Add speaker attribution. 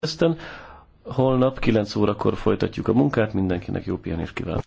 Speaker 1: Aztán holnap 9 órakor folytatjuk a munkát, mindenkinek jó pihenést kívánok!